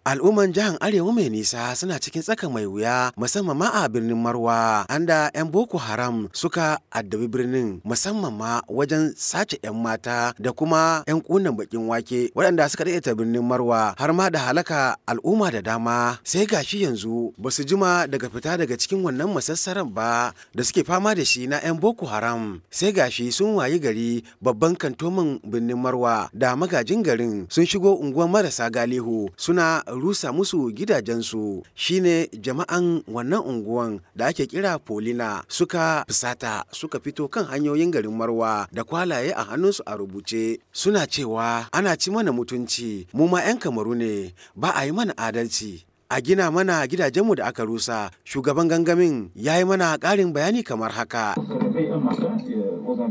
Al'umman jihar Arewa mai nisa suna cikin tsaka mai wuya musamman ma a birnin Marwa, anda 'yan Boko Haram suka addabi birnin musamman ma wajen sace 'yan mata da kuma 'yan kunan bakin wake waɗanda suka ta birnin Marwa har ma da halaka al'umma da dama. Sai gashi yanzu ba su jima daga fita daga cikin wannan masassaran ba da suke fama da shi na 'yan Boko Haram. Sai gashi sun wayi gari babban kantomin birnin Marwa da magajin garin sun shigo unguwar marasa galihu suna rusa musu gidajensu shine jama'an wannan unguwan da ake kira polina suka fusata suka fito kan hanyoyin garin marwa da kwalaye a hannunsu a rubuce suna cewa ana ci mana mutunci mu ma 'yan kamaru ne ba a yi mana adalci a gina mana gidajenmu da aka rusa shugaban gangamin ya yi mana ƙarin bayani kamar haka aux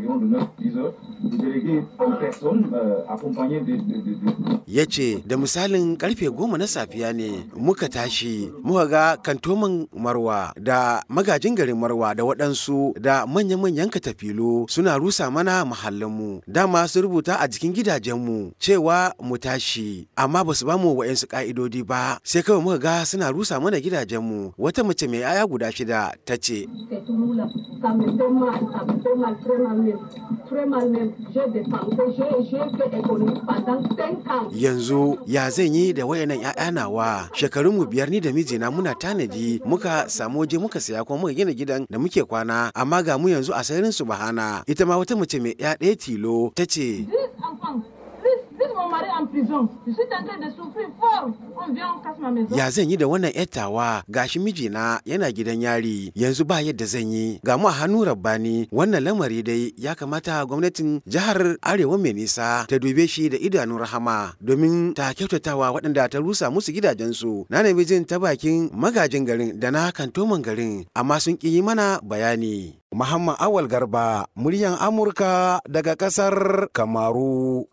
euh, Ya ce da misalin karfe goma na safiya ne muka tashi muka ga kantoman marwa da magajin garin marwa da waɗansu da manya-manyan katafilo suna rusa mana mahallinmu dama su rubuta a jikin gidajenmu cewa mu tashi amma ba su ba mu wa'yansu ka'idodi ba sai kawai muka ga suna rusa mana gidajenmu wata mace mai aya guda shida ta ce. Yanzu ya zan yi da wayannan ‘ya'ya nawa shekarun mu biyar ni da mijina muna tanadi muka samu waje muka saya kuma muka gina gidan da muke kwana amma ga mu yanzu a sayarin su bahana ita ma wata mace mai ‘ya tilo ta ce. Ya zan yi da wannan yattawa gashi mijina yana gidan yari yanzu ba yadda zan yi ga mu a hannu rabbani wannan lamari dai ya kamata gwamnatin jihar Arewa mai nisa ta dube shi da idanun rahama domin ta kyautatawa waɗanda ta rusa musu gidajensu na nemi jin ta bakin magajin garin da na kantoman garin amma sun ƙi yi mana bayani. Muhammad Awal Garba, muryan Amurka daga ƙasar Kamaru.